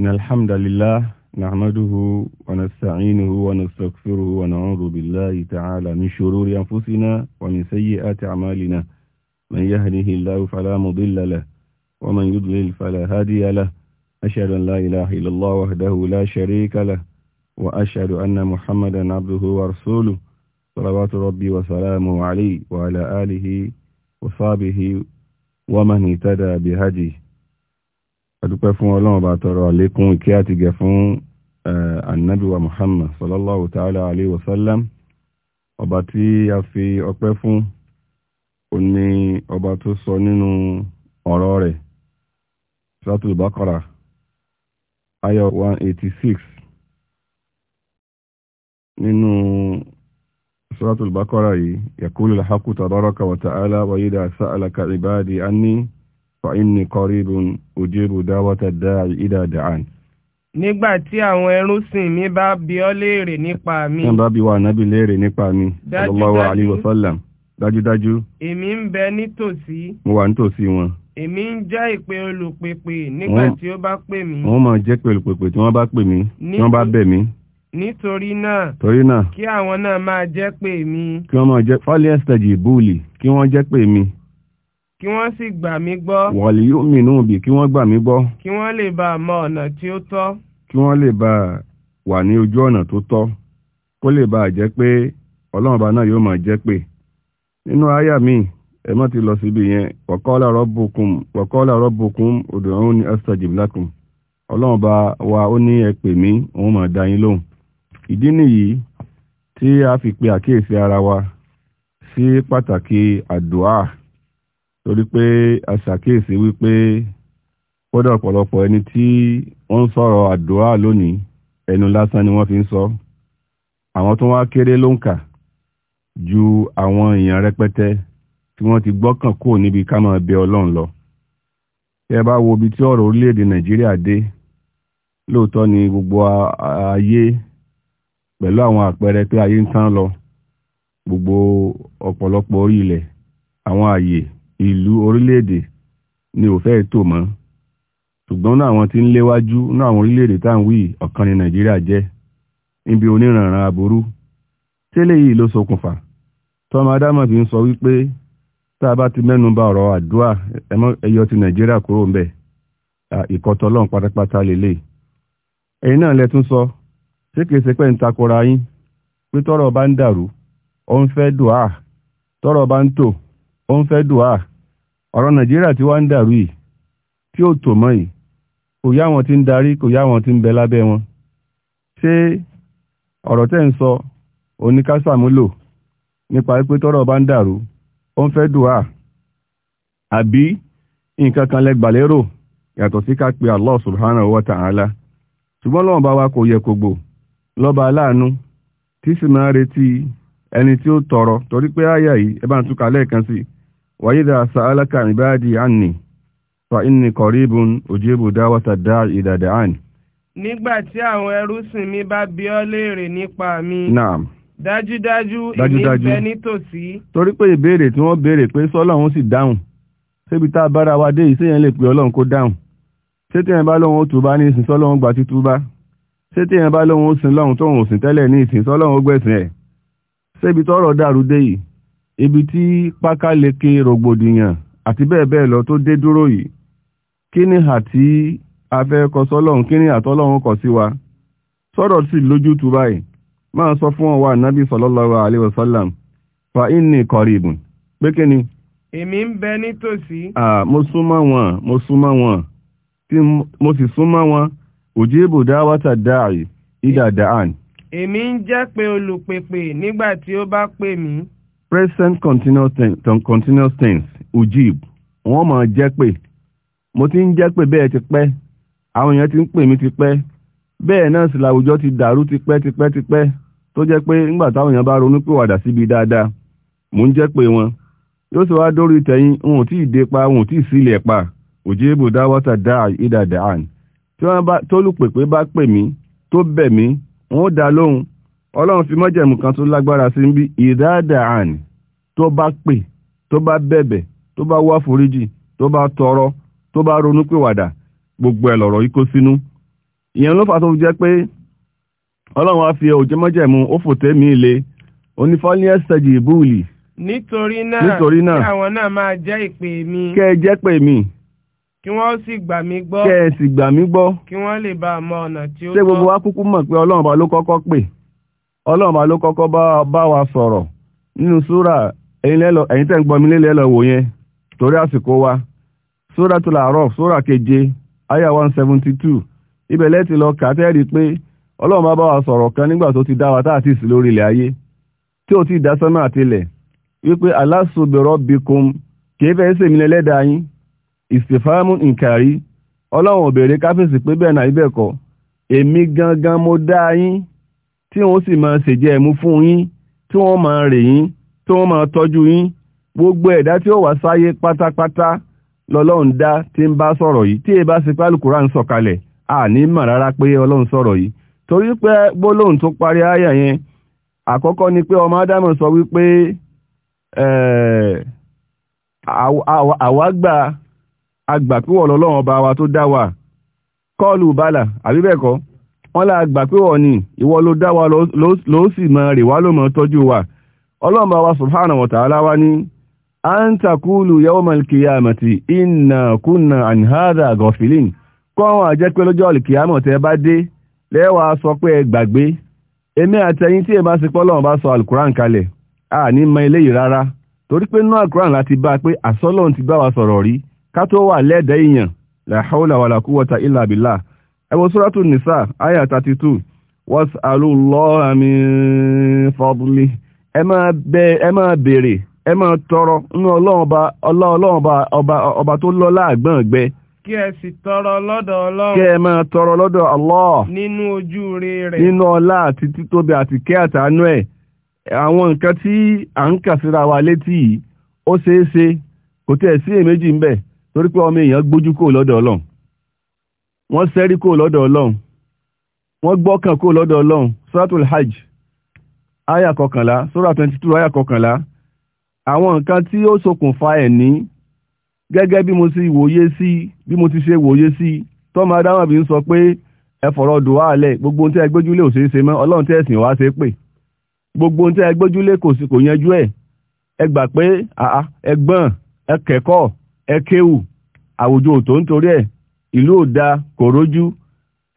إن الحمد لله نحمده ونستعينه ونستغفره ونعوذ بالله تعالى من شرور أنفسنا ومن سيئات أعمالنا من يهده الله فلا مضل له ومن يضلل فلا هادي له أشهد أن لا إله إلا الله وحده لا شريك له وأشهد أن محمدا عبده ورسوله صلوات ربي وسلامه عليه وعلى آله وصحبه ومن اهتدى بهديه adúpẹ́ fún ọlọ́run bá tọrọ àlékún ìkẹ́ àti gẹ̀ fún annabiwa muhammad sallallahu ta'ala alayhi wa sallam ọba tí a fi ọpẹ́ fún ó ní ọba tó sọ nínú ọ̀rọ̀ rẹ̀ suratul baqara ayọ̀ 186 nínú suratul baqara yìí yakulu alhaqu tabaraka wa ta'ala sa'alaka ibadi anni فإني قريب أجيب دعوة الداعي إذا دعان nígbà tí àwọn ẹrúsìn mi bá bi ọ́ léèrè nípa mi. wọ́n bá bi wa ànábì léèrè nípa mi. sallallahu alaihi wasallam dájúdájú. èmi ń bẹ nítòsí. mo wà nítòsí wọn. èmi ń jẹ́ ìpè olùpèpè nígbà tí ó bá pè mí. wọ́n máa jẹ́ pé olùpèpè tí wọ́n bá pè mí tí wọ́n bá bẹ̀ mí. nítorí náà. torí náà. kí àwọn náà máa jẹ́ pé mi. kí wọ́n máa jẹ́ fọ́lẹ́sítẹ̀jì búùlì kí wọ́n jẹ́ pé mi kí wọ́n sì gbà mí gbọ́. wọ̀lì yóò mìíràn bí kí wọ́n gbà mí gbọ́. kí wọ́n lè bá a mọ ọ̀nà tí ó tọ́. kí wọ́n lè bá a wà ní ojú ọ̀nà tó tọ́ kó lè bá a jẹ́ pé ọlọ́run ọba náà yóò máa jẹ́ pé. nínú àyà mi ẹ má ti lọ síbi yẹn waqala rabbukum waqala rabbukum ud'uni astajib lakum ọlọ́run ọba wa ó ní ẹ pè mí òun máa dá yín lóhùn. ìdí nìyí tí a fi pe àkíyèsí ara wa sí pàtàkì àdúà torí pé a ṣàkíyèsí wípé kódà ọ̀pọ̀lọpọ̀ ẹni tí wọ́n ń sọ̀rọ̀ àdúrà lónìí ẹnu lásán ni wọ́n fi ń sọ àwọn tó wá kéré ló ń kà ju àwọn èèyàn rẹpẹtẹ tí wọ́n ti gbọ́kàn kúrò níbi ká máa bẹ ọlọ́run lọ tí ẹ bá wo ibi tí ọ̀rọ̀ orílẹ̀-èdè nàìjíríà dé lóòótọ́ ni gbogbo ayé pẹ̀lú àwọn àpẹẹrẹ pé ayé ń tán lọ gbogbo ọ̀pọ̀lọpọ̀ orí ilẹ̀ àwọn ààyè ìlú orílẹ̀-èdè ni ò fẹ́ tó mọ́ ṣùgbọ́n náà àwọn tí ń léwájú náà àwọn orílẹ̀-èdè tá ń ọ̀kan ní nàìjíríà jẹ́ níbi oníranran aburú tẹ́lẹ̀ yìí ló ṣokùnfà tọ́mọ adámọ̀ fi sọ wípé tá a bá ti mẹ́nu ọ̀rọ̀ àdúrà ẹyọ ti nàìjíríà kúrò ń sọ ṣé kìí ṣe ń takora yín pé tọ́rọ̀ bá ń dàrú fẹ́ dùá ó ń fẹ́ dùá ọ̀rọ̀ nàìjíríà tí wá ń dàrú yìí tí ó tò mọ́ yìí kò yá wọn tí ń darí kò yá wọn tí ń bẹ lábẹ́ wọn ṣé ọ̀rọ̀ tẹ́ ń sọ oníkásàmúlò nípa pé tọ́rọ̀ bá ń dàrú ó ń fẹ́ dùá àbí nǹkan kan lẹ gbàlérò yàtọ̀ sí ká pe Allah subhanahu wa ta'ala ṣùgbọ́n lọ́wọ́n bá wa kò yẹ kò gbò lọ́ba aláàánú tí sì máa retí ẹni tí ó tọrọ torí pé àyà yìí ẹ bá ń túkà lẹ́ẹ̀kan sí i وإذا سألك عبادي عني فإني قريب أجيب دعوة الداع إذا دعاني nígbà tí àwọn ẹrúsìn mi bá bi ọ́ léèrè nípa mi. naam. dájúdájú èmi bẹ nítòsí. torí pé ìbéèrè tí wọ́n béèrè pé sọ́lọ́run sì dáhùn ṣébi tá a bára wa dé ìṣèyàn lè pè ọlọ́run kó dáhùn ṣé tí yẹn bá lóun ó túbá ní ìsìn sọ́lọ́run gba títúbá ṣé tí yẹn bá lóun sin lọ́run tóun ò sìn tẹ́lẹ̀ ní ìsìn sọ́lọ́run ó gbẹ̀sìn ẹ̀ ṣébi tọ́rọ̀ dàrú dé yìí ibi tí pákáleke rògbòdìyàn àti bẹ́ẹ̀ bẹ́ẹ̀ lọ tó dé dúró yìí kí ni hà tí a fẹ́ kọ sọ́lọ́run kí ni àtọ́lọ́run kọ sí wa sọ̀rọ̀ sì lójútu báyìí máa sọ fún ọwà nábì sallallahu alaihi wasallam fa inni qaribun pé kí ni èmi ń bẹ nítòsí mo súnmọ́ wọn mo súnmọ́ wọn tí mo sì súnmọ́ wọn ujibu da'wata da'i ida da'an èmi ń jẹ́ pé olùpèpè nígbà tí ó bá pè mí present continuous tense continuous tense ujib wọ́n máa jẹ́ pé mo ti ń jẹ́ pé bẹ́ẹ̀ ti pẹ́ àwọn èèyàn ti ń pè mí ti pẹ́ bẹ́ẹ̀ náà sì làwùjọ ti dàrú ti pẹ́ ti pẹ́ ti pẹ́ tó jẹ́ pé ńgbà táwọn èèyàn bá ronúpìwàdà síbi dáadáa mò ń jẹ́ pé wọn yóò sì wá dórí tẹ̀yìn wọn ò tí ì dé pa wọn ò tí ì sílẹ̀ pa òjìbò dáwọ́tà dáa ìdàdà àn tí wọ́n bá tólùpèpè bá pè mí tó bẹ̀ mí wọ́n dá lóhùn ọlọ́run fi mọ́jẹ̀mù kan tó lágbára sí ń bí ìdáàdà àní tó bá pè tó bá bẹ̀bẹ̀ tó bá wá foríjì tó bá tọrọ tó bá ronúpìwàdà gbogbo ẹ̀ lọ̀rọ̀ yìí kó sínú ìyẹn ló fà tó jẹ́ pé ọlọ́run á fi òjò mọ́jẹ̀mù ó fòtẹ́ mi le onífọ́lì ẹ̀sẹ̀jì ìbúùlì. nítorí náà nítorí náà kí àwọn náà máa jẹ́ ìpè mi. kẹ́ ẹ jẹ́ pè mí. kí wọ́n sì gbà mí gbọ́. kẹ́ ẹ sì gbà mí gbọ́. kí wọ́n lè bá a mọ ọ̀nà tí ó tọ́. ṣé gbogbo wa kúkú mọ̀ pé ọlọ́run ọba ló kọ́kọ́ pè. ọlọ́ọ̀mà ló kọ́kọ́ bá wa sọ̀rọ̀ nínú súrà ẹ̀yin tẹ́ ń gbọmí lélẹ̀ lọ wò yẹn torí àsìkò wa súrà tó làárọ̀ súrà keje aya 172 ibẹ̀ lẹ́tì lọ kàtẹ́rì pé ọlọ́ọ̀mà bá wa sọ̀rọ̀ kan nígbà tó ti dá wa tá àti sí lórí ilẹ̀ ayé tí ó ti dá sánmà àtilẹ̀ wípé alastu bi rabbikum kìí fẹ́ sèmi lẹ́lẹ́dàá yín ìsìfàmù nkàrí ọlọ́run ò béèrè pé bẹ́ẹ̀ náà ibẹ̀ kọ́ èmi gangan mo dá yín tí wọ́n sì máa ṣèjẹ́ ẹ̀mú fún yín tí wọ́n máa rè yín tí wọ́n máa tọ́jú yín gbogbo ẹ̀dá tí ó wà sáyé pátápátá lọ́lọ́run dá tí ń bá sọ̀rọ̀ yìí tí èbá sí pálukùrá ń sọ̀kalẹ̀ àní mà rárá pé ọlọ́run sọ̀rọ̀ yìí torí pé gbólóhùn tó parí àyà yẹn àkọ́kọ́ ni pé ọmọ ádámù sọ wípé àwa gbà àgbà pé lọ́lọ́run ọba wa tó dá wa kọ́ọ̀lù bálà àbí wọ́n lá gbà pé wọ́n ni ìwọ ló dá wa ló sì mọ rè wá ló mọ tọ́jú wa ọlọ́mọ wa subhanahu wa ta'ala wa ni a ń takúlù yawmal qiyamati inna kunna an hadha ghafilin kọ́wọ́n àjẹ́ pé lọ́jọ́ alkiyama tẹ́ bá dé lẹ́wà sọ pé gbàgbé èmi àtẹ̀yìn tí èbá sípọ́ lọ́wọ́ bá sọ alukuran kalẹ̀ a ní mọ eléyìí rárá torí pé nú alukuran láti bá pé àsọ́lọ́hun ti bá wa sọ̀rọ̀ rí ká tó wà lẹ́ẹ̀dẹ́ èèyàn la hawla wala quwwata illa billah ẹwọ sọ́rọ̀tù nìsà àyà 32 was'alullaha min fadli ẹ máa bèèrè ẹ máa tọrọ ní ọlọ́run ọba tó lọ́lá àgbọ̀ngbẹ kí ẹ sì tọrọ lọ́dọ̀ ọlọ́run kí ẹ máa tọrọ lọ́dọ̀ Allah nínú ojú rí rẹ̀ nínú ọlá àti títóbi àti kẹ́ àtàánú ẹ̀ àwọn nǹkan tí à ń kà síra wa létí yìí ó ṣeé ṣe kò tẹ̀ sí èméjì ń bẹ̀ torí pé ọmọ èèyàn gbójú kò lọ́dọ̀ ọlọ́run wọ́n sẹ́rí kó lọ́dọ̀ ọlọ́run wọ́n gbọ́kàn kó lọ́dọ̀ ọlọ́run suratul hajj aya kọkànlá sura 22 aya kọkànlá àwọn nǹkan tí ó ṣokùnfà ẹ̀ní gẹ́gẹ́ bí mo ti wòye sí bí mo ti ṣe wòye sí tọ́mọ adáwọn bí ń sọ pé ẹ fọ̀rọ̀ dùwà alẹ̀ gbogbo ohun tí ẹ gbójúlé ò ṣeé ṣe mọ́ ọlọ́run tí ẹ̀sìn wá ṣe pè gbogbo ohun tí ẹ kò sì kò yanjú ẹ̀ ẹ gbà pé ẹgbọ́n ẹ kẹ́kọ̀ọ́ ẹ kéwù àwùjọ òtó nítorí ẹ̀ ìlú ò da kò rójú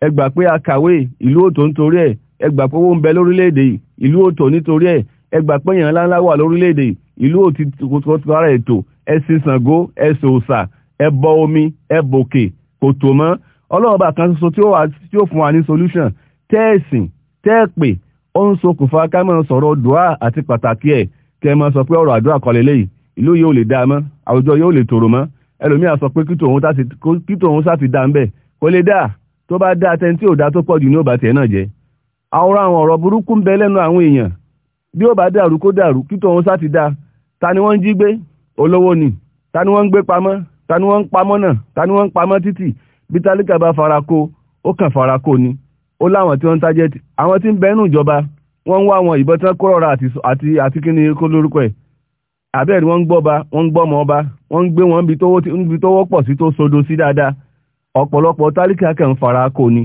ẹ gbà pé a kàwé ìlú ò tó nítorí ẹ̀ ẹ gbà pé owó ń bẹ lórílẹ̀-èdè ìlú ò tó nítorí ẹ gbà pé èèyàn ńláńlá wà lórílẹ̀ ìlú ò ti ètò ẹ̀sìn Ṣàngó ẹ̀sìn òòṣà ẹbọ omi ẹbòkè kò tó mọ́ ọlọ́run bá kan ṣoṣo tí ó fún wa ní solution tẹ́ẹ̀sìn tẹ́ẹ̀pè ó ń ṣokùnfà ká máa sọ̀rọ̀ dùá àti pàtàkì ẹ̀ kẹ́ máa sọ pé ọ̀rọ̀ àdúrà kọ́ lélẹ́yìí ìlú yóò lè dáa mọ́ àwùjọ yóò lè tòrò mọ́ ẹlòmí àsọ pé kí tòun sáfi dá ń bẹ̀ kò lè dá tó bá dá atẹ́ni tí ò dá tó pọ̀ jù ní òbá tiẹ̀ náà jẹ́ àwọn àwọn ọ̀rọ̀ burúkú ń bẹ lẹ́nu àwọn èèyàn bí ó bá dàrú kó dàrú kí tòun sáfi dá ta ni wọ́n ń jí gbé olówó ni ta ni wọ́n ń gbé pamọ́ ta ni wọ́n ń pamọ́ náà ta ni wọ́n ń pamọ́ títì bí tálíkà bá farako ó kàn farako ni ó láwọn tí wọ́n ń tajẹ́tì àwọn tí ń bẹ́nu ìjọba wọ́n ń wá àwọn ìbọn tí wọ́n kó rọra àti àti kíni kó lórúkọ ẹ̀ àbẹ́ẹ̀ ni wọ́n ń gbọ́ba wọ́n ń gbọ́mọ ọba wọ́n ń gbé wọn níbi tó wọ́pọ̀ sí tó sodo dáadáa ọ̀pọ̀lọpọ̀ tálíkà fara kò ní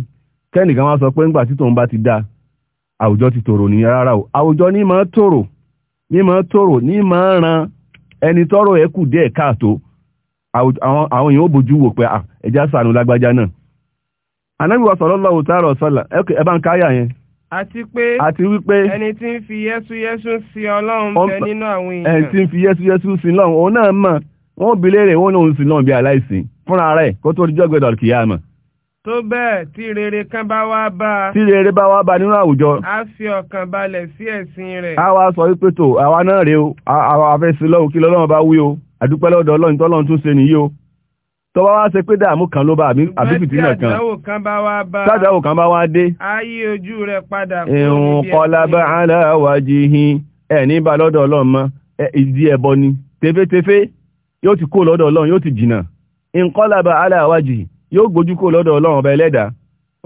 kẹ́nìkan wá sọ pé ńgbà tí tòun bá ti dáa àwùjọ ti tòrò rárá o àwùjọ ní máa tòrò ní máa tòrò ní máa ran ẹni ẹ kù káàtó àwọn èèyàn ó bójú wò pé ẹja sànù lágbájá náà àti pé àti wípé ẹni tí ń fi yẹ́súyẹ́sú sí ọlọ́run bẹ nínú àwọn èèyàn ẹni tí ń fi yẹ́súyẹ́sú sí ọlọ́run òun náà mọ̀ wọ́n bi léèrè wọ́n lòun sí náà bí aláìsìn fúnra rẹ̀ kó tó dijọ́ gbẹdọ̀ kìí àmọ́. tó bẹ́ẹ̀ tí rere kan bá wá bá a. tí rere bá wá bá a nínú àwùjọ. a fi ọkàn balẹ̀ sí ẹ̀sìn rẹ̀. a wá sọ wípé tó àwa náà rèé o àwa afẹ́sílọ́wọ́ kí lọ́lọ́run bá wí o àdúpẹ́ lọ́dọ̀ ọlọ́run tọ́lọ́run tún ṣe nìyí o tó bá wá ṣe pé dààmú kan ló bá àbí fìtínà kan tádàwò kan bá wá dé ayé ojú rẹ̀ padà ìrùn kọlábà aláwàjì hin ẹ̀ ní bá lọ́dọ̀ ọlọ́run mọ́ ìdí ẹ̀bọ ni tefetefe yóò ti kó lọ́dọ̀ ọlọ́run yóò ti jìnà ìǹkọlábà aláwàjì yóò gbójú kó lọ́dọ̀ ọlọ́run ọba ẹlẹ́dà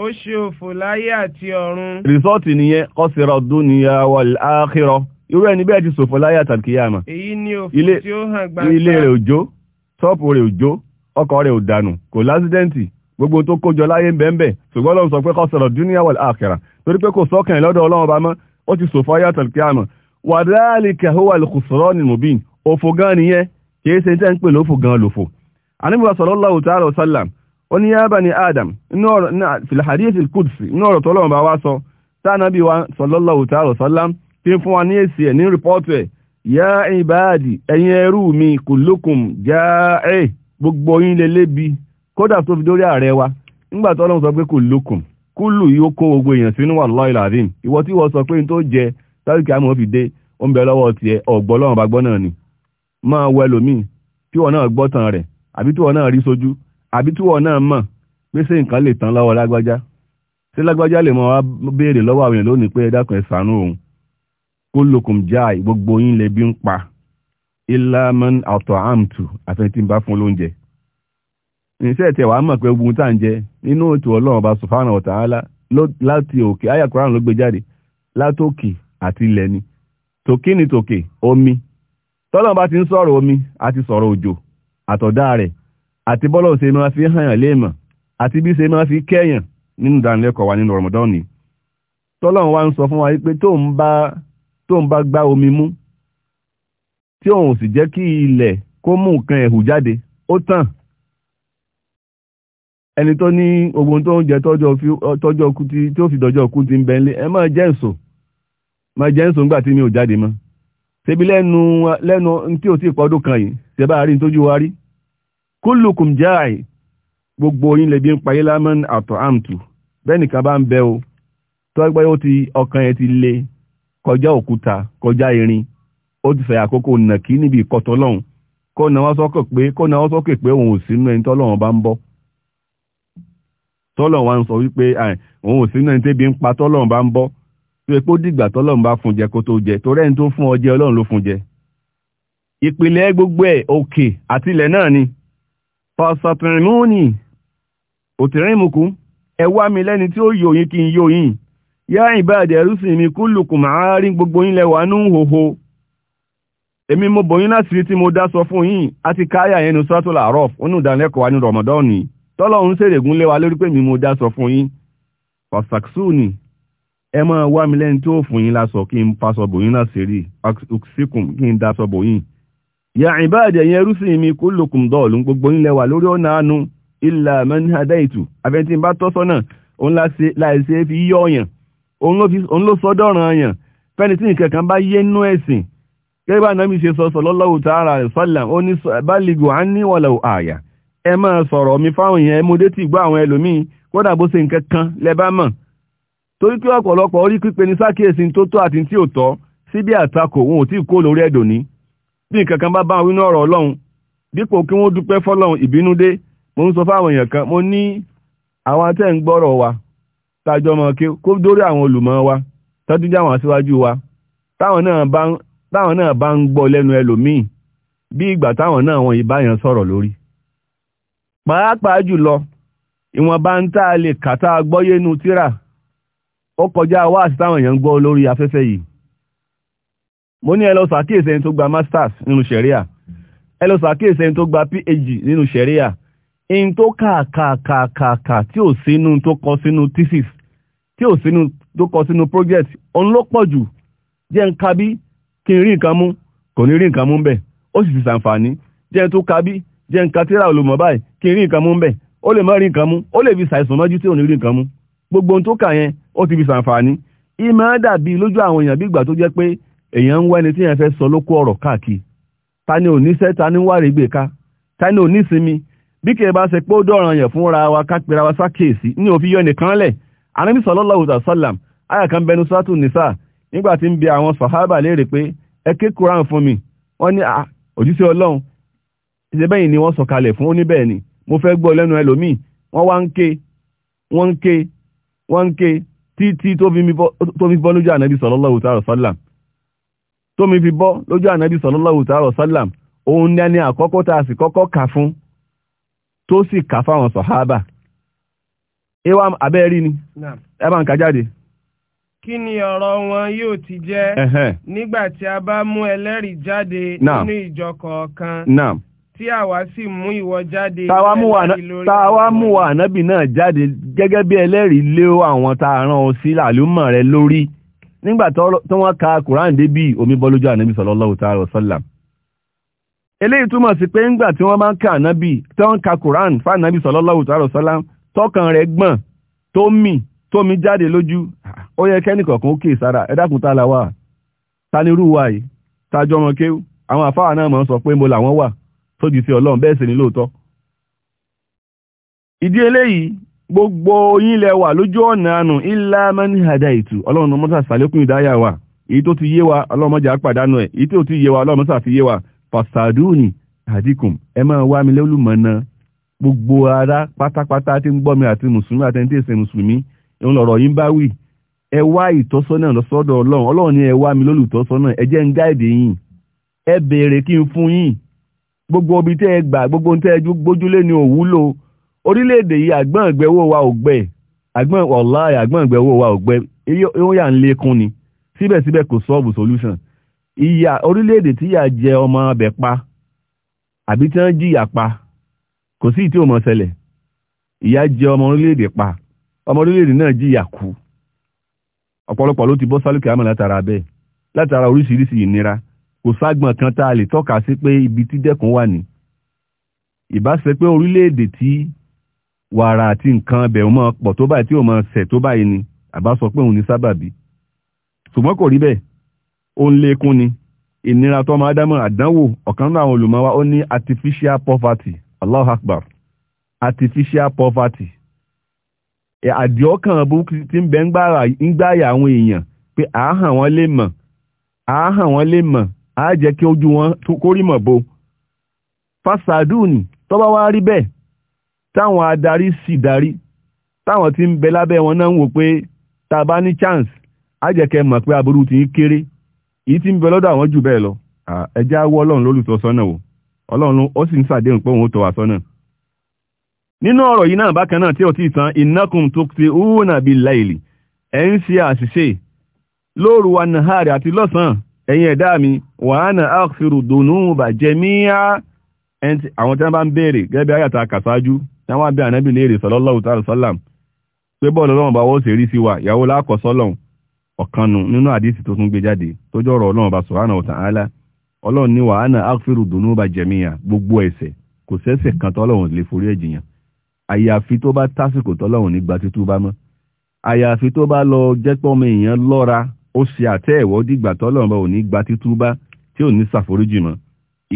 ó ṣe òfò láyé àti ọ̀run rìsọ́ọ̀tì nìyẹn kọ́sìrọ̀ dúnìyà wal irú ẹni bẹ́ẹ̀ ti ṣòfò láyé àtàkìyàmà èyí ni òfò tí ó hàn gbangba ilé rẹ̀ òjò ṣọ́ọ̀pù rẹ̀ òjò ọkọ̀ rẹ̀ ò dànù kò lásídẹ́ǹtì gbogbo tó kójọ láyé bẹ́ẹ̀bẹ́ ṣùgbọ́n lọ́n sọ pé kọ́ sọ̀rọ̀ dúníà wal akhirah torí pé kò sọ́kàn lọ́dọ̀ ọlọ́run ọba mọ́ ó ti sòfò ayé àtàlùkíàmọ̀ wa dhalika huwa al-khusran al-mubin òfò gan nìyẹn kìí ṣe tẹ́ ń pè lófò gan lòfò anábìwà sallallahu ta'ala wa sallam ó ní yábà ní adam fil hadith al-qudsi inú ọ̀rọ̀ gbogbo yín lè lébi kódà tó fi dórí ààrẹ wa nígbà ọlọ́run sọ pé kò lókun kúlù yóò kó gbogbo èèyàn sínú wà lọ́ọ̀lì làdín ìwọ tí wọ́n sọ pé n tó jẹ tábìlì kí amọ̀ fi dé ó ń bẹ lọ́wọ́ tiẹ̀ ọ̀gbọ́ bá gbọ́ ni máa wọ ẹlòmíì tí wọn náà gbọ́ rẹ̀ àbí tí wọn náà rí àbí tí wọn náà mọ̀ pé ṣé nǹkan lè tán lọ́wọ́ lágbájá ṣé lágbájá lè mọ béèrè lọ́wọ́ àwọn èèyàn lónìí jáì gbogbo yín lè bí illa man at'amtu àfẹ́ tí ń bá fún lóúnjẹ iṣẹ́ ìtẹ̀ wàá mọ̀ pé ogun tá à ń jẹ nínú ètò ọlọ́run ọba subhanahu wa láti òkè àyà ló gbé jáde látòkè àti ilẹ̀ ni tòkè ni tòkè omi tọ́lọ́run bá ti ń sọ̀rọ̀ omi àti sọ̀rọ̀ òjò àtọ̀dá rẹ̀ àti bọ́lọ̀ ṣe máa fi hàn léèmọ̀ àti bí ṣe máa fi kẹ́yàn nínú ìdánilẹ́kọ̀ọ́ wa nínú Ramadan ni tọ́lọ́run wá ń sọ fún wa pé tó ń bá gbá omi mú tí òun sì jẹ́ kí ilẹ̀ kó mú nǹkan ẹ̀hù jáde ó tàn ẹni tó ní ogun tó ń jẹ tọ́jọ́ ọkú tí ó fi dọ́jọ́ ọkú ti ń bẹ nílé ẹ máa jẹ́ èso máa jẹ́ èso nígbà tí mi ò jáde mọ́ ṣebí lẹ́nu lẹ́nu tí ò tí pọ́dún kan yìí ṣe bá rí nítójú wa rí kúlùkùm jáì gbogbo yín lè bí ń payé lámán àtọ̀ àmtù bẹ́ẹ̀ nìkan bá ń bẹ o tọ́gbẹ́ ó ti ọkàn ẹ ti le kọjá òkúta kọjá irin ó ti fẹ̀ àkókò nàkí níbi ìkọtọ̀ lọ́hùn kó náwó sókè pé kó náwó sókè pé òun ò sínú ẹni tọ́lọ́run bá ń bọ́ tọ́lọ́run wa ń sọ wípé òun ò sínú ẹni tẹ́bi ń pa tọ́lọ́run bá ń bọ́ tó epo dìgbà tọ́lọ́run bá fún jẹ kó tó jẹ torí ẹni tó fún ọ jẹ ọlọ́run ló fún jẹ ìpìlẹ̀ gbogbo ẹ̀ òkè àti náà ni fọ́sọ̀tìrìmúnì òtìrìmùkú ẹ èmi mo bòyín láṣìírí tí mo dá sọ fún yín àti káyà yẹn ní sọ́tò làárọ̀ onú ìdánilẹ́kọ̀ọ́ wa ní rọ̀mọ́dọ́ọ̀nì tọ́lọ́run ṣèrègùn lé wa lórí pé mi mo dá sọ fún yín pàṣàkṣùnì ẹ máa wá mi lẹ́ni tó fún yín lásọ kí n faṣọ bòyín láṣìírí síkùn kí n dáṣọ bòyín. yà ìbáàdì ẹ̀yin ẹrú sí mi kó lòkùn dọ́ọ̀lù gbogbo yín lẹ́wà lórí ọ̀nà àánú ilà mẹ́nìhàdáìtù fẹ́ni tí nǹkan kan bá yé nú ẹ̀sìn gẹ́gẹ́ bá nàbí ṣe sọ sallallahu ta'ala sallam ó ní balighu anni walau aya ẹ máa sọ̀rọ̀ mi fáwọn èèyàn ẹ mú dé ti gbọ́ àwọn ẹlòmíì kódà bó ṣe nǹkan kan lẹ́bá mọ̀ torí pé ọ̀pọ̀lọpọ̀ orí pípe ní sákèésí tó tó àti tí ò tọ́ síbí àtakò wọn ò tí kó lórí ẹ̀dọ̀ ní bí nǹkan kan bá bá wọn ọ̀rọ̀ ọlọ́run dípò kí wọ́n dúpẹ́ fọ́lọ́run ìbínú dé mo ń sọ fáwọn èèyàn kan mo ní àwọn atẹ́ ń gbọ́rọ̀ wa tájọ́ mọ̀ kí kó dórí àwọn olùmọ̀ wa tọ́jú jáwọn aṣíwájú wa táwọn náà bá táwọn náà bá ń gbọ́ lẹ́nu ẹlòmíì bí ìgbà táwọn náà wọn ìbáyàn sọ̀rọ̀ lórí pàápàá jùlọ ìwọ̀nba ń tá a lè kà tá a gbọ́yé nu tíra ó kọjá wáàsí táwọn èèyàn ń gbọ́ lórí afẹ́fẹ́ yìí mo ní ẹ lọ ṣàkíyèsí ẹni tó gba masters nínú sẹ̀ríà ẹ lọ ṣàkíyèsí ẹni tó gba phd nínú sẹ̀ríà in tó kàkàkàkàkà tí ò sínú tó kọ sínú thesis tí ò sínú tó kọ sínú project òun ló pọ̀ jù jẹ́ ń ka kí n rí nǹkan mú kò ní rí nǹkan mú bẹ́ẹ̀ ó sì ti sàǹfààní jẹ́ tó ka bí jẹ́ n ka tíra olùmọ̀ báyìí kí n rí nǹkan mú bẹ́ẹ̀ ó lè má rí nǹkan mú ó lè fi ṣàìsàn mọ́jú tí ò ní rí nǹkan mú gbogbo ohun tó kà yẹn ó ti fi sàǹfààní ìmọ̀ dàbí lójú àwọn èèyàn bí ìgbà tó jẹ́ pé èèyàn ń wẹ́ni tí èèyàn fẹ́ sọ lókó ọ̀rọ̀ káàkiri ta ni oníṣẹ́ ta ni wàrí gbé ká ta ni onísinmi bí kì í bá ṣe pé ó dọ̀ràn yẹ̀ fúnra wa ká pera wa sákèèsí ní òfin yọ nìkan lẹ̀ anábì sallallahu alaihi wasallam àyà kan bẹnu nígbà tí ń bi àwọn sàhábà léèrè pé ẹ ké fún mi wọ́n ní òjíṣẹ́ Ọlọ́run ìṣẹ́bẹ́yìn ni wọ́n sọ̀kalẹ̀ fún oníbẹ̀ẹ́ ni mo fẹ́ gbọ́ lẹ́nu ẹlòmíì wọ́n wá ń ké wọ́n ń ké wọ́n ń ké títí tó fi bọ́ lójú ànábì sallallahu ta'ala sallam tó mi fi bọ́ lójú ànábì sallallahu ta'ala sallam òun ní ẹni àkọ́kọ́ tá a sì kọ́kọ́ kà fún tó sì kà fáwọn sọ̀hábà ewam abẹ́rí ni ẹ bá ń ka jáde kí ni ọ̀rọ̀ wọn yóò ti jẹ́ nígbà tí a bá mú ẹlẹ́rìí jáde nínú ìjọ kọ̀ọ̀kan tí àwa sì mú ìwọ jáde táwa mú wa ànábì náà jáde gẹ́gẹ́ bí ẹlẹ́rìí lé àwọn tá a rán ọ sí làlúmọ̀ rẹ lórí nígbà wọ́n ka Quran débi omi bọ́ lójú ànábì sallallahu ta'ala wa sallam eléyìí túmọ̀ sí pé ńgbà tí wọ́n máa ń ka ànábì tó ń ka Quran fún ànábì sallallahu ta'ala wa sallam tọkàn rẹ̀ gbọ̀n tó mì tómi jáde lójú ó yẹ kẹ́nìkọ̀ọ̀kan ó kè sára ẹ dákun tá la wà ta ni irú wa yìí tájọ́ ọmọ kéwú àwọn àfáà náà mọ̀ ń sọ pé mo làwọn wà sójú sí ọlọ́run bẹ́ẹ̀ sì ni lóòótọ́ ìdí eléyìí gbogbo yín lẹ wà lójú ọ̀nà àánú ilá mẹ́nìhàdà ètù ọlọ́run mọ́sà sàlékún ìdáyà wa èyí tó ti yé wa ọlọ́run mọ́jà pàdánù ẹ̀ èyí tó ti yé wa ọlọ́run mọ́sà yé wa pàṣàdúnì àdìkùn ẹ máa wá mi lólùmọ̀nà gbogbo ara pátápátá tí ń gbọ́ mi àti mùsùlùmí àtẹ̀ntẹ̀sẹ̀ mùsùlùmí òun lọ̀rọ̀ yín bá wì ẹ wá ìtọ́sọ́nà lọ́sọ́dọ̀ ọlọ́run ọlọ́run ni ẹ wá mi lólùtọ́sọ́nà ẹ jẹ́ ń gáìdì yín ẹ béèrè kí n fún yín gbogbo ibi tẹ́ ẹ gbà gbogbo tẹ́ ẹ gbójúlé ni òwúlò orílẹ̀-èdè yìí àgbọ̀n ìgbẹ́wò wa ò gbẹ àgbọ̀n ọ̀láì àgbọ̀n ìgbẹ́wò wa ò gbẹ ó yà ń lékún ni síbẹ̀síbẹ̀ kò sọ́ọ̀bù solution ìyà orílẹ̀-èdè tí yà jẹ ọmọ abẹ pa àbí tí wọ́n jìyà pa kò sí ìtí òmọ̀ ṣẹlẹ̀ ìyà jẹ ọmọ orílẹ̀-èdè pa ọmọ orílẹ̀-èdè náà jìyà kú ọ̀pọ̀lọpọ̀ ló ti bọ́ sálùkì àmọ́ látara bẹ́ẹ̀ látara oríṣiríṣi ìnira kò ságbọ̀n kan tá a lè tọ́ka sí pé ibi tí dẹ́kun wà ní ìbá ṣe pé orílẹ̀-èdè tí wàrà àti nǹkan abẹ̀ mọ́ pọ̀ tó báyìí tí ò mọ́ ṣẹ̀ tó báyìí ni àbá sọ pé òun ní sábàbí ṣùgbọ́n kò rí bẹ́ẹ̀ ó ń lékún ni ìnira tó máa dámọ̀ àdánwò ọ̀kan náà àwọn olùmọ́wá ó ní artificial poverty Allah Akbar artificial poverty àdìọ́kàn burúkú tí ń bẹ ń àwọn èèyàn pé àáhàn wọn lè mọ̀ àáhàn wọn lè mọ̀ á ojú wọn kórí mọ̀ bo. fásádùnì tó wá rí bẹ́ẹ̀ táwọn adarí sì darí táwọn tí ń bẹ lábẹ́ wọn náà wò pé bá ní chance mọ̀ pé aburú ti ń kéré lọ́dọ̀ àwọn jù bẹ́ẹ̀ lọ nínú ọ̀rọ̀ yìí náà bákan náà tí ó ti tán innakum tukhti'una bil-layli ẹ̀ ń ṣe àṣìṣe lóru wa nahari àti lọ́sàn ẹ̀yin ẹ̀dá mi wa ana aghfiru dhunuba jami'a àwọn tí wọ́n bá ń béèrè gẹ́gẹ́ ayàtà kàṣáájú tí wọ́n bí ànábì léèrè sallallahu ta'ala sallam pé bọ́ọ̀lù ọlọ́run ni wọ́n ṣe rí sí wa ìyàwó lákọ̀ọ́sọ́lọ́run ọ̀kanù nínú àdísì tó tún gbé jáde tó bá subhanahu jami'a gbogbo ẹ̀ṣẹ̀ kò sẹ́ṣẹ̀ kan tọ́lọ́run lè forí ẹ̀jìyàn àyàfi tó bá tásìkò tọ́lọ́run nígbà títú bá mọ́ àyàfi tó bá lọ jẹ́pọ́mọ èèyàn lọ́ra ó ṣe àtẹ́ ẹ̀wọ́ dìgbà tọ́lọ́run bá ò gba títú bá tí ò ní ṣàforíjì mọ́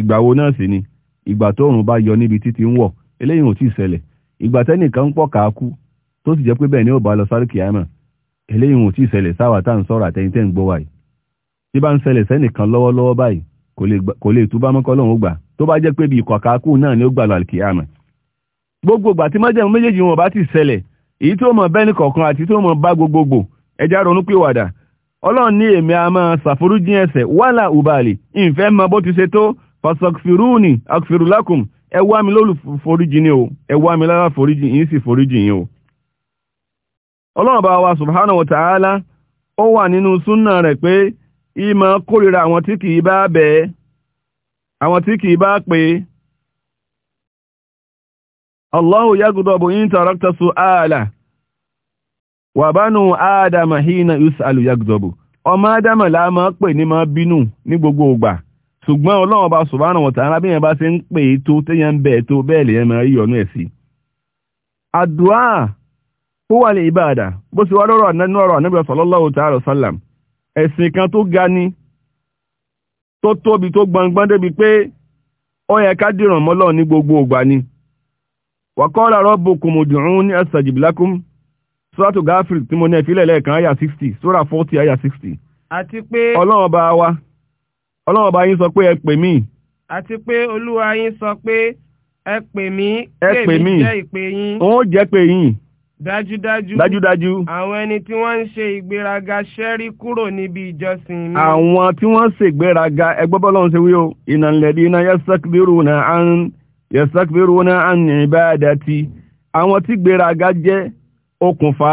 ìgbà náà sì ni ìgbà tóòrùn bá yọ níbi títí ń wọ̀ eléyìí ò tí ì ṣẹlẹ̀ ìgbà tẹ́nìkan ń pọ̀ káàkú tó sì jẹ́ pé bẹ́ẹ̀ ni ó bá lọ sáré kìámà eléyìí ò tí ì ṣẹlẹ̀ sáwà tá à ń sọ̀rọ̀ àtẹ̀yìntẹ́ ń gbọ́ wa yìí tí bá ń ṣẹlẹ̀ sẹ́nìkan lọ́wọ́lọ́wọ́ báyìí kò lè tú bá mọ́kọ́ lóhùn ó gbà tó bá gbogbo ìgbà tí májẹ̀mú méjèèjì wọn ti ṣẹlẹ̀ èyí tó mọ̀ bẹ́ẹ̀ kọ̀ọ̀kan àti tó mọ̀ bá gbogbogbò ẹja ronú pé wàdà ọlọ́run a máa ṣàforíjì ẹ̀ṣẹ̀ wàhálà ùbàlì ìfẹ́ mọ bó ti ṣe tó fasọkfirúùnì akfirulakum ẹ wá mi o ẹ wá mi lára foríjì yìí sì wa wa ta'ala ó wà nínú súnà rẹ̀ pé ìmọ̀ kórìíra àwọn tí Allahu yagudobu in tarakta su'ala wa banu adama hina yus'alu yagudobu ọmọ adama la máa pe ni máa bínú ní gbogbo ìgbà sugbon ọlọ́run bá subhanahu wa ta'ala bí yẹn bá ṣe ń pè é tó téyàn be bẹ̀ tó bẹ́ẹ̀ lè yẹn wà lọ́rọ̀ sallallahu ta'ala ẹ̀sìn kan wàkọ́lá rabbukum ud'uni astajib lakum suratu gáfírí tí mo ní ẹ̀fílẹ̀ lẹ́ẹ̀kan àyà 60 sura 40 àyà 60. àti pé ọlọ́run ọba wa ọlọ́run ọba yín sọ pé ẹ pè mí. àti pé olúwa yín sọ pé ẹ pè mí kéèmí jẹ́ ìpè yín. òun jẹ́ pè yín. dájúdájú dájúdájú àwọn ẹni tí wọ́n ń ṣe ìgbéraga ṣẹ́rí kúrò níbi ìjọsìn mi. àwọn tí wọ́n ń ṣègbéraga ẹgbẹ́ yẹ̀sàkìbérúwọ́nà àní ìbáadàtì àwọn tí gbéraga jẹ́ okùnfà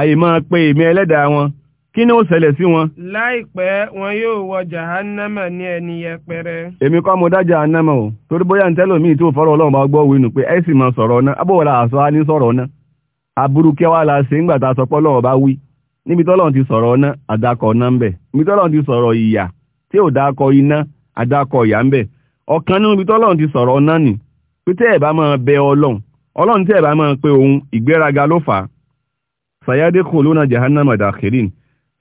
àìmọ́ pé èmi ẹlẹ́dàá wọn kí ni ó ṣẹlẹ̀ sí wọn. láìpẹ́ wọn yóò wọ jahannama ní ẹni yẹpẹrẹ. èmi kọ́ mo dá o torí bóyá ntẹ́lò míì tó fọ́rọ̀ ọlọ́run bá gbọ́ nù pé ẹ sì máa sọ̀rọ̀ á ní sọ̀rọ̀ kẹwàá la ṣe ńgbà tá a ọlọ́run bá wí níbi tọ́lọ́run ti sọ̀rọ̀ náà àdàkọ̀ ìyà tí ò dákọ̀ iná àdàkọ̀ ìyà ọ̀kan tọ́lọ́run ti pé tẹ́ ẹ̀ bá máa bẹ ọlọ́run ọlọ́run tí ẹ̀ bá máa pe òun ìgbéraga ló fà á sayade kò lónà jahannam adakhirin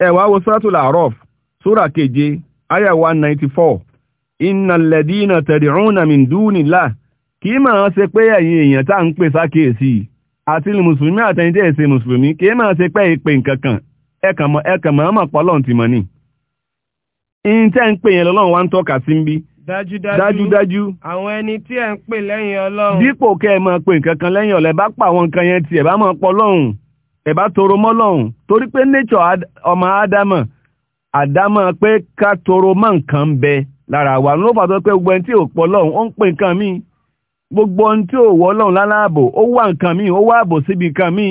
ẹ wá wo suratul sura keje aya 194 innal ladina tad'una min dunillah kì í máa ṣe pé ẹ̀yin èèyàn tá à ń pè sákèésí àti mùsùlùmí mùsùlùmí ṣe pé ìpè nǹkan kan ẹ̀kàn mọ́ mọ́ ọmọ tẹ́ ń pè yẹn lọ́lọ́run wá ń tọ́ka dájúdájú àwọn ẹni tí ẹ̀ ń pè lẹ́yìn ọlọ́run dípò kẹ́ ẹ máa pè nǹkan kan lẹ́yìn ọ̀lẹ́ bá pa àwọn nǹkan yẹn tí ẹ̀ bá máa pọ̀ lọ́hùn ẹ̀ bá toro mọ́ lọ́hùn torí pé nature ọmọ ádámọ̀ àdámọ̀ pé ká toro mọ́ nǹkan bẹ lára wa ló fà sọ pé gbogbo ẹni tí ò pọ̀ lọ́hùn ó ń pè nǹkan míì gbogbo ẹni tí ò wọ́ lọ́hùn láláàbò ó wà nǹkan míì ó wá àbò síbi nǹkan míì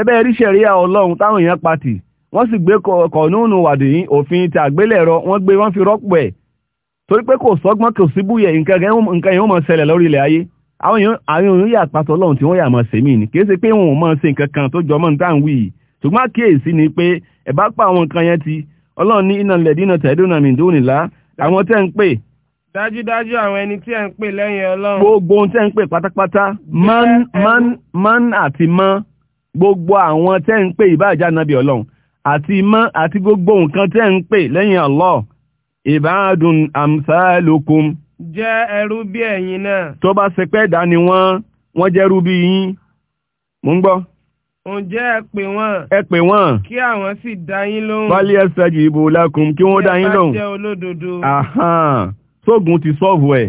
ẹbẹ́ ríṣẹ́ rí ọlọ́run táwọn èèyàn patì wọ́n sì gbé kọ̀ọ̀nù wàdí òfin ti àgbélẹ̀rọ wọ́n gbé wọ́n fi rọ́pò ẹ̀ torí pé kò sọ́gbọ́n kò sí búyẹ̀ nǹkan yẹn ó máa ṣẹlẹ̀ lórí ilẹ̀ ayé àwọn èèyàn yà pàtó ọlọ́run tí wọ́n yà máa ṣèmí ni kìí ṣe pé wọn ò máa ṣe nǹkan kan tó jọmọ́ níta ń wí yìí ṣùgbọ́n àkíyèsí ni pé ẹ bá pa àwọn nǹkan yẹn ti ọlọ́run ní iná lẹ̀dí iná tẹ̀dúnà mi dùn nílá àwọn tẹ́ ń pè. dájúdájú àwọn ẹni tí ẹ ń pè lẹ́yìn ọlọ́run. gbogbo ohun tẹ́ ń pè pátápátá man man man àti mọ́ gbogbo àwọn tẹ́ ń pè ìbáàjá nàbì ọlọ́run àti mọ́ àti gbogbo nǹkan tẹ́ ń pè lẹ́yìn ọlọ́run ìbáàdùn àmsáàlùkùm jẹ́ ẹrú bí ẹ̀yin náà tó bá ṣe pé ẹ̀dá ni wọ́n wọ́n jẹ́rú bí yín mú ń gbọ́ ǹjẹ́ ẹ pè wọ́n ẹ pè wọ́n kí àwọn sì dá yín lóhùn wálé ẹsẹ̀ jì ìbò lákùn kí wọ́n dá yín lóhùn jẹ́ olódodo sógun ti sọ́ọ̀bù ẹ̀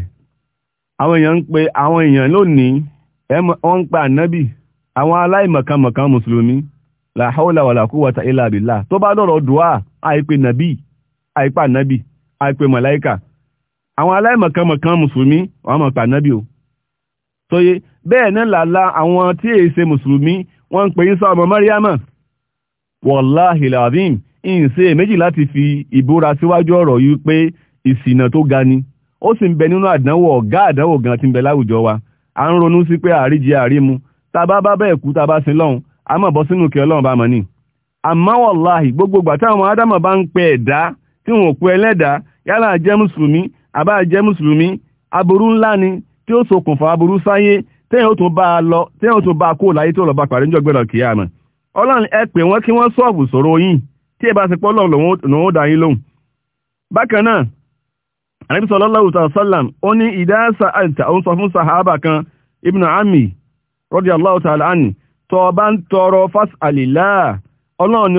àwọn èèyàn ń pe àwọn èèyàn lónìí wọ́n ń pa ànábì àwọn aláìmọ̀kànmọ̀kàn mùsùlùmí làhọ́làwàlàkúwàtà ìlàbìlà tó bá lọ́rọ̀ dùá àìpé nàbì àìpà nàbì àìpé màláíkà àwọn aláìmọ̀kánmọ̀kán mùsùlùmí wọ́n mọ̀ pa nábì o sóye bẹ́ẹ̀ náà làlá àwọn tí èyí ṣe mùsùlùmí wọ́n ń pè Ìsá ọmọ Màríyámà wàláhì làdín ìǹṣe méjì láti fi ìbúra síwájú ọ̀rọ̀ yìí pé ìsìnà tó ga ni ó sì ń bẹ nínú àdánwò ọ̀gá àdánwò gan tí ń bẹ láwùjọ wa à ń ronú sí pé àríjẹ àrímu tá a bá bá bẹ́ẹ̀ kú tá a bá sin lọ́hùn a mọ̀ bọ́ sínú kí ọlọ́run bá mọ̀ ni àmọ́ wàláhì gbogbo táwọn ádámọ̀ bá ń pe ẹ̀dá tí wọn ò pe ẹlẹ́dàá yálà jẹ́ mùsùlùmí àbá jẹ́ mùsùlùmí aburú ńlá ni tí ó aburú sáyé tẹ́yìn ó tún bá a lọ tẹ́yìn ó a kó láyé tó lọ bá parí níjọ́ gbẹ̀rọ̀ kìí àmọ́ ọlọ́run tí bá ti lòun ó dá yín lóhùn. bákan náà ó ní àìsà sọ fún kan ibn ami radiyallahu tó o bá ń tọrọ ọlọ́run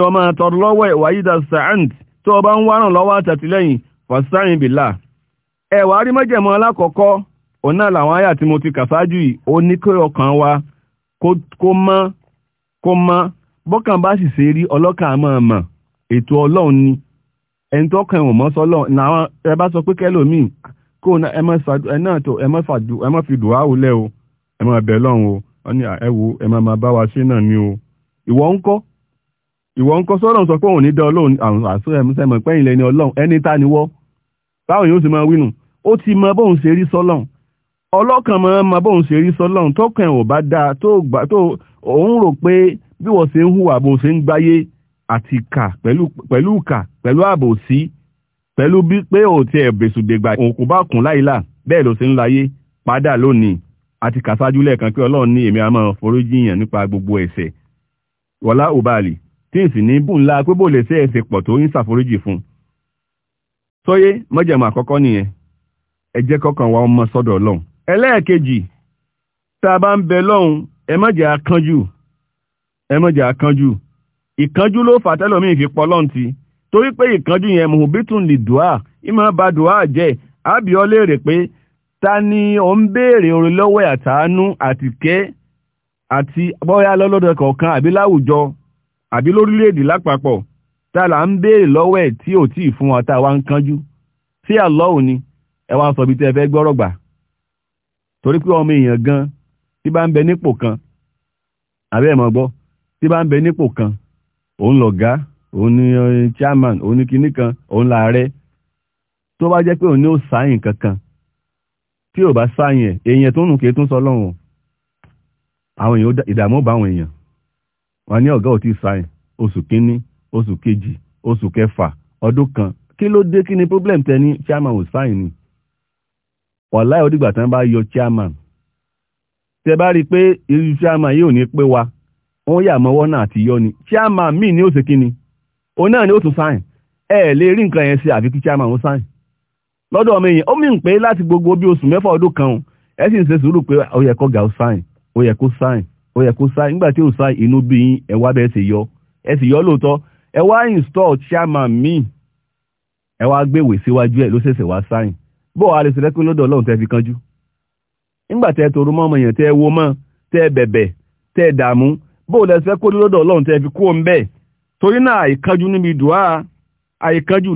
ni tó o bá ń lọ́wọ́ fàṣítàrin bìlà ẹ̀wà rí mọ́jẹ̀mọ́ alákọ̀ọ́kọ́ òun náà làwọn àyà tí mo ti kà ṣáájú yìí ó ní kí ọkàn wa kó mọ́ kó mọ́ bọ́kàn bá sì ṣe rí ọlọ́kàn àmọ́ ọmọ ètò ọlọ́run ni ẹni tó kàn wọ́n mọ́ sọ́lọ́ làwọn ẹ bá sọ pé kẹ́lòmíì kó ẹ náà tó ẹ mọ́ fi dùn áwùlẹ̀ o ẹ máa bẹ̀ lọ́run o wọ́n ní ẹ wo ẹ máa bá wa ṣe náà ni o ìwọ ń kọ́ ìwọ ń kọ́ sọ́lọ́run sọ pé òun ní dán ọlọ́run àṣọ ẹ̀mọ́sẹ́mọ̀ pẹ́yìn lẹ́ni ọlọ́run ẹni tá ni wọ́n báwọn yóò sì máa wínú ó ti mọ bóun ṣe rí sọ́lọ́n ọlọ́kàn mọ mọ bóun ṣe rí sọ́lọ́n tọkàn ò bá dáa tó gbà tó òun rò pé bí wọ́n ṣe ń hùwà bó ṣe ń gbáyé àti kà pẹ̀lú kà pẹ̀lú àbòsí pẹ̀lú bí pé ò tiẹ̀ bèṣùdègbà òkú bá kún láìlà bẹ́ẹ̀ ló ṣe ń láyé padà lónìí àti kàṣájú lẹ́ẹ̀kan pé ọlọ́run ní èmi àmọ́ foríjìyàn nípa gbogbo ẹ̀ṣẹ̀ wọlá òbálì tí n sì ní bùn ńlá pé bò lè ṣe ẹ̀ṣẹ̀ pọ̀ tó ń ṣàforíjì fún un sóyé mọ́jẹ̀mọ́ àkọ́kọ́ nìyẹn ẹ jẹ́ kọ́kàn wa ọmọ sọ́dọ̀ ọlọ́run ẹlẹ́ẹ̀kejì tá a bá ń bẹ lọ́hùn ẹ má jẹ́ akánjú ẹ má jẹ́ akánjú ìkánjú ló fà tẹ́lọ̀mí fi pọ̀ lọ́hùn ti torí pé ìkánjú yẹn mùhùbítùn lè dùá ìmọ̀ bá dùá jẹ́ àbíọ́ léèrè pé ta ni ò ń béèrè orin lọ́wọ́ ẹ̀ àtàánú àtìkẹ́ àti bọ́yá lọ́lọ́dọ̀ kọ̀ọ̀kan àbí láwùjọ àbí lórílẹ̀-èdè lápapọ̀ tá là ń béèrè lọ́wọ́ ẹ̀ tí ò tíì fún wọn tá wa ń kánjú sí àlọ́hù ni ẹ wá sọ bí tẹ́ fẹ́ gbọ́rọ̀ gbà torí pé ọmọ èèyàn gan tí bá ń bẹ nípò kan àbí ẹ̀ mọ̀ gbọ́ tí bá ń bẹ nípò kan òun lọ̀gá òun ni eh, chairman òun ni kinní kan òun làárẹ̀ tó bá jẹ́ pé òun ni ó sáyìn kankan tí ò bá sáyìn ẹ̀ èèyàn tó nù kí tún sọ lọ́hùn àwọn èèyàn ìdààmú bá àwọn èèyàn wọn ní ọ̀gá ò tí sáyìn oṣù kínní oṣù kejì oṣù kẹfà ọdún kan kí ló dé kí ni problem tẹ ní chairman ò sáìn ni wàláì odìgbà tán bá yọ chairman tẹ bá rí i pé irú chairman yìí ò ní pé wa wọ́n yà mọ́wọ́ náà àti yọ ni chairman míì ní ó ṣe kí ni òun náà ni ó tún sáìn ẹ lè rí nǹkan yẹn ṣe àfi kí chairman ó sáìn lọ́dọ̀ ọmọ èèyàn ó mì ń pé láti gbogbo bí oṣù mẹ́fà ọdún kan ẹ sì ń ṣe sùúrù pé ó yẹ kó ga ó sáìn ó yẹ kó sáìn ó yẹ kó sáìn nígbà tí ó sáìn inú bí yín bẹ́ẹ̀ ṣe yọ ẹ sì yọ lóòótọ́ ẹ wá install chairman míì ẹ wá e síwájú ẹ̀ ló ṣẹ̀ṣẹ̀ wá sáyìn bó a lè ṣe lẹ́kùn lọ́dọ̀ ọlọ́run tẹ́ fi nígbà tẹ́ torú mọ́ ọmọ èèyàn tẹ́ wo mọ́ tẹ́ bẹ̀bẹ̀ tẹ́ dààmú bó lẹ fẹ́ kó lọ́dọ̀ ọlọ́run tẹ́ fi kú òun bẹ́ẹ̀ torí náà níbi dùá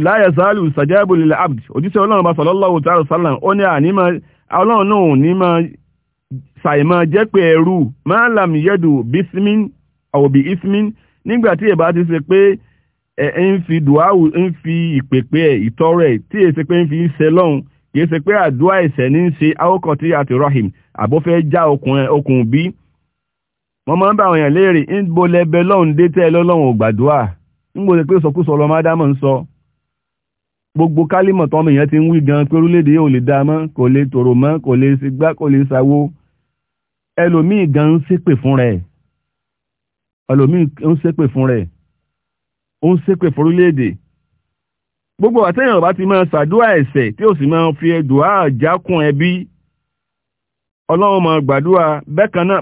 láyẹ̀ sáàlù abd òjíṣẹ́ ọlọ́run bá ó ní ọlọ́run náà ní jẹ́ pé ẹrú máa yẹ́dù bísmín àwòbí nígbà tí ìbá ti ṣe pé ẹ ń fi dùáwù ń fi ìpèpè ẹ ìtọrọ ẹ tí èsì pé ń fi ń ṣe lọ́hùn kì í ṣe pé àdúrà ẹ̀ṣẹ̀ ní ń ṣe awokọ̀ tí àti rahim àbófẹ́ já okùn bí wọ́n máa ń bá àwọn èèyàn léèrè ń bo lẹ́bẹ̀ lọ́hùn dé lọ́lọ́hùn ògbàdúà ń gbọ́dọ̀ pé sọkúsọ ọlọ́mọ ádámọ̀ ń sọ gbogbo kálímọ̀ tọ́mọ èèyàn ti ń wí gan pé orílẹ̀-èdè yóò lè dáa mọ́ kò lè tòrò mọ́ kò lè ṣègbà kò lè ṣàwo ẹlòmíì gan ń ṣépè fúnra ẹ̀ ẹlòmíì ó ń ṣépè fún rẹ̀ ó ń ṣépè fún orílẹ̀-èdè gbogbo àtẹ̀yìn ọ̀bá ti máa ṣàdúrà ẹ̀ṣẹ̀ tí ó sì máa fi ẹ̀dùá àjákùn ẹbí ọlọ́run máa gbàdúrà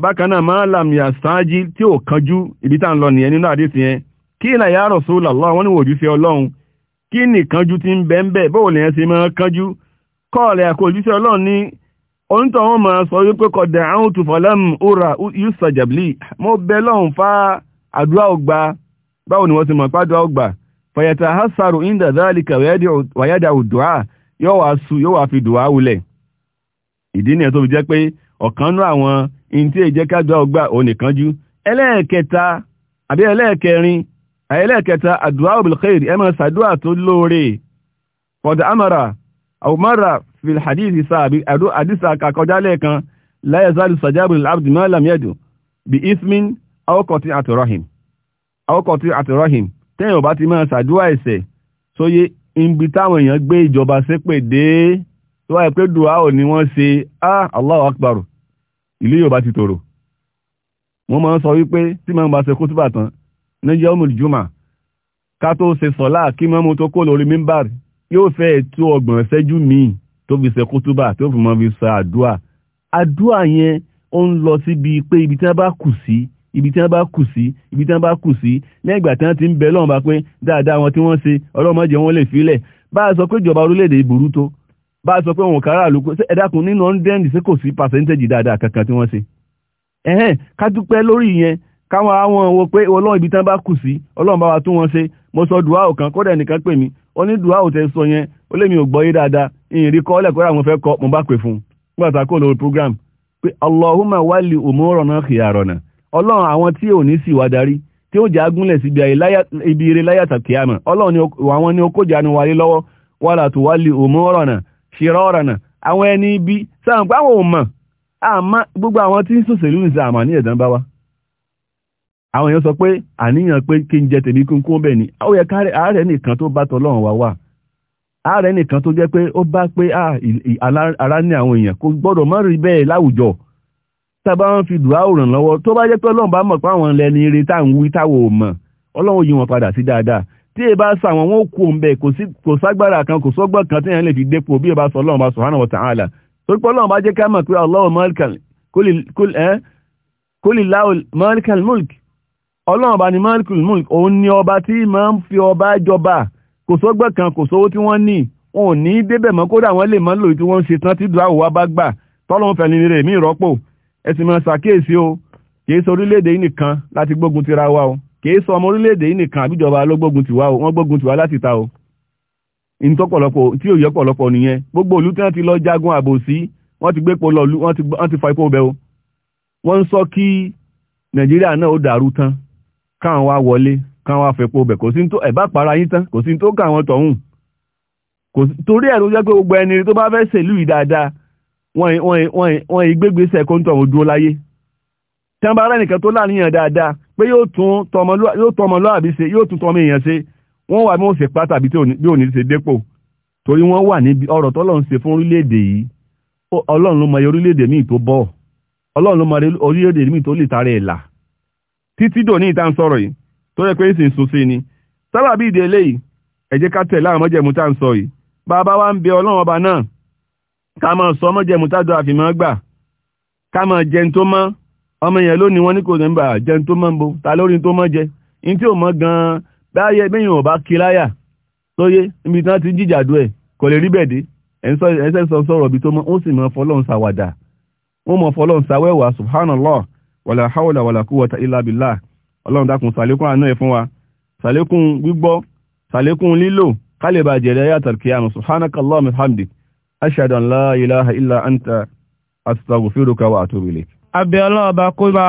bákan náà máa làmì àṣáájí tí ò kanjú ibi tá à ń lọ nìyẹn nínú àdéhùn yẹn kí ìlà ya Rasulullah wọ́n ní wòjú sí ọlọ́run kí nìkanjú ti ń bẹ́ẹ̀ bẹ́ẹ̀ bóòlù yẹn ṣe máa kanjú kọ́ọ̀lẹ̀ àkójúṣe ọlọ́run oúntọ̀ wọn máa sọ wípé kọ̀dẹ̀ àwọn tùfọ̀lẹ́m ura yusa jabli mo bẹ lọ́hùn fa àdúrà ọgbà báwo ni wọ́n ti mọ̀ pàdúrà ọgbà fàyàtà hasaru inda zalika wàyádà òdùá yóò wá su yóò wá fi dùá wulẹ̀ ìdí nìyẹn tó fi jẹ́ pé ọ̀kan nú àwọn ìntí èjẹ́ kádùá ọgbà onìkanjú ẹlẹ́ẹ̀kẹta àbí ẹlẹ́ẹ̀kẹrin ẹlẹ́ẹ̀kẹta àdúrà bil khair ẹ máa tó lóore qad amara aw marra fil hadithi sáàbí àdó àdísà kàkọjá lẹ́ẹ̀kan láyé zálù sàjábù abdi malam yẹ́dù bí ismin awokọ̀tí àtìrọ́hìm awokọ̀tí àtìrọ́hìm tẹ́yìn ọba ti máa ṣàdúrà ẹ̀ṣẹ̀ sóyé ibi táwọn èèyàn gbé ìjọba sépè dé tó wáyé pé dùá ò ní wọ́n ṣe ah Allahu akbar ìlú Yorùbá ti tòrò wọ́n máa ń sọ wípé tí máa ń bá ṣe kútúbà tán ní yawmul juma ká tó ṣe sọ̀lá kí máa mú tó kó lórí mímbàr yóò fẹ́ ètò ọgbọ̀n ṣẹ́jú míì tó fi ṣe kútúbà tó fi mọ́ fi ṣe àdúà àdúà yẹn ó ń lọ síbi pé ibi tí wọ́n bá kù sí ibi tí wọ́n bá kù sí ibi tí wọ́n bá kù sí lẹ́yìn ìgbà tí wọ́n ti ń bẹ lọ́wọ́n bá pé dáadáa wọn tí wọ́n ṣe ọlọ́mọdé wọn lè filẹ̀ bá a sọ pé ìjọba orílẹ̀-èdè burú tó bá a sọ pé òun kára àlùkò ẹ nínú ọ́ndẹ́ndì sí kò sí pàṣẹ́ńtẹ́jì dáadáa kankan tí wọ́n ṣe ẹ̀hẹ́n ká lórí yẹn káwọn àwọn wo pé ọlọ́run ibi tán bá kù sí ọlọ́run bá wa tún wọn ṣe mo sọ dùá ó lé mi ò gbọ́ yé dáadáa ìrìn kọ́ lẹ́kọ́ rà wọn fẹ́ kọ́ mo bá pè fún nígbà tá a kó lórí program pé Allahumma wali umurana khiyarana ọlọ́run àwọn tí ò ní sì wá darí tí ó jẹ́ agúnlẹ̀ síbi ibi eré láyàtà kìámà ọlọ́run àwọn ni ó kójà ní wáyé lọ́wọ́ wala tuwali umurana shirarana àwọn ẹni ibi sáwọn pé àwọn ò mọ̀ àmọ́ gbogbo àwọn tí ń sòṣèlú ní sàmà ní èèyàn sọ pé àníyàn pé kí n jẹ tèmi kúnkún bẹ́ẹ̀ ni ó yẹ káàrẹ̀ nìkan tó bá tọ́lọ́run wá wà ààrẹ nìkan tó jẹ́ pé ó bá pé ara ní àwọn èèyàn kò gbọ́dọ̀ mọ́ rí bẹ́ẹ̀ láwùjọ tábà wọn fi dùá òràn lọ́wọ́ tó bá jẹ́ pé ọlọ́run bá mọ̀ pé àwọn ẹlẹ́ni eré táwọn wí táwọn ò mọ̀ ọlọ́run yí wọn padà sí dáadáa tí ẹ bá sọ àwọn wọn kú òun bẹ́ẹ̀ kò ságbára kan kò sọ́gbọ́n kan tí èèyàn lè fi dépò bí ẹ bá sọ ọlọ́run bá subhanahu wa ta'ala torí pé ọlọ́run bá jẹ́ ká mọ̀ pé Allahu malikal mulk ọlọ́run bá ní malikul mulk òun ni ọba tí máa ń fi ọba jọba kò sọ́gbọ́n kan kò sówó tí wọ́n ní wọn ò ní débẹ̀ mọ́ kódà wọ́n lè mọ́ lòdì tí wọ́n ń ṣe tán tí dùn àwòwá bá gbà tọ́lọ́run fẹ̀lẹ́ ní rẹ̀ mí ìrọ́pò ẹ sì máa ṣàkíyèsí o kìí sọ orílẹ̀-èdè yìí nìkan láti gbógun ti ra wa o kìí sọ ọmọ orílẹ̀-èdè yìí nìkan àbíjọba ló gbógun ti wa o wọ́n gbógun ti wa láti ta o ìtọ́pọ̀lọpọ̀ tí ò yẹ pọ̀lọpọ̀ nìyẹn gbogbo ìlú tí wọ́n ti lọ jagun polo ìlú wọ́n ti fa ipò bẹ́ o wọ́n ń kan wá fẹ́po bẹ̀ kò sí tó ẹ̀bá para yín tán kò sí tó kà wọ́n tọ̀hún torí ẹ̀ ló jẹ́ pé gbogbo ẹni tó bá fẹ́ ṣèlú yìí dáadáa wọ́n ìgbégbèsè kó ń tọ̀hún dúró láyé tí wọ́n bá rẹ́ nìkan tó láàníyàn dáadáa pé yóò tún tọmọlúàbí ṣe yóò tún tọmọ èèyàn ṣe wọ́n wà bí wọ́n ṣe pa tàbí bí ò ní ṣe dépò torí wọ́n wà níbi ọ̀rọ̀ tọ́lọ́run ṣe fún orílẹ̀-èdè yìí ọlọ́run ló mọ orílẹ̀-èdè míì tó bọ̀ ọlọ́run ló mọ orílẹ̀-èdè míì tó lè tarẹ̀ ẹ̀là títí dòní ìta ń sọ̀rọ̀ yìí tó yẹ pé ìsìn sùn sí ni sábàbí ìdí eléyìí ẹ jẹ́ ká tẹ̀ láwọn mọ́jẹ̀mú tá à ń sọ yìí bàbá wa ń bẹ ọlọ́run ọba náà ká máa sọ mọ́jẹ̀mú tá a fi máa gbà ká máa jẹun tó mọ́ ọmọ yẹn lónìí wọn ní kò ní bà jẹun tó mọ́ ń bo ta lórí tó mọ́ jẹ ní tí ò mọ́ gan-an báyẹ̀ bẹ́yìn ò bá kí láyà lóye níbi tí wọ́n ti jíjàdú ẹ̀ kò lè rí bẹ́ẹ̀ dé ẹ̀sẹ̀ sọ sọ̀rọ̀ bí tó mọ́ hawla wàlà kúwàtà illa billah ọlọ́run dákun sàlékún àánú ẹ̀ fún wa sàlékún gbígbọ́ sàlékún lílò kálẹ̀bà jẹ̀rẹ̀ yàtàl kìyàmù subhanakallahumma hamdik ashhadu an la ilaha illa anta astaghfiruka wa atubu ilayk abẹ́ ọlọ́ọ̀bá kó bá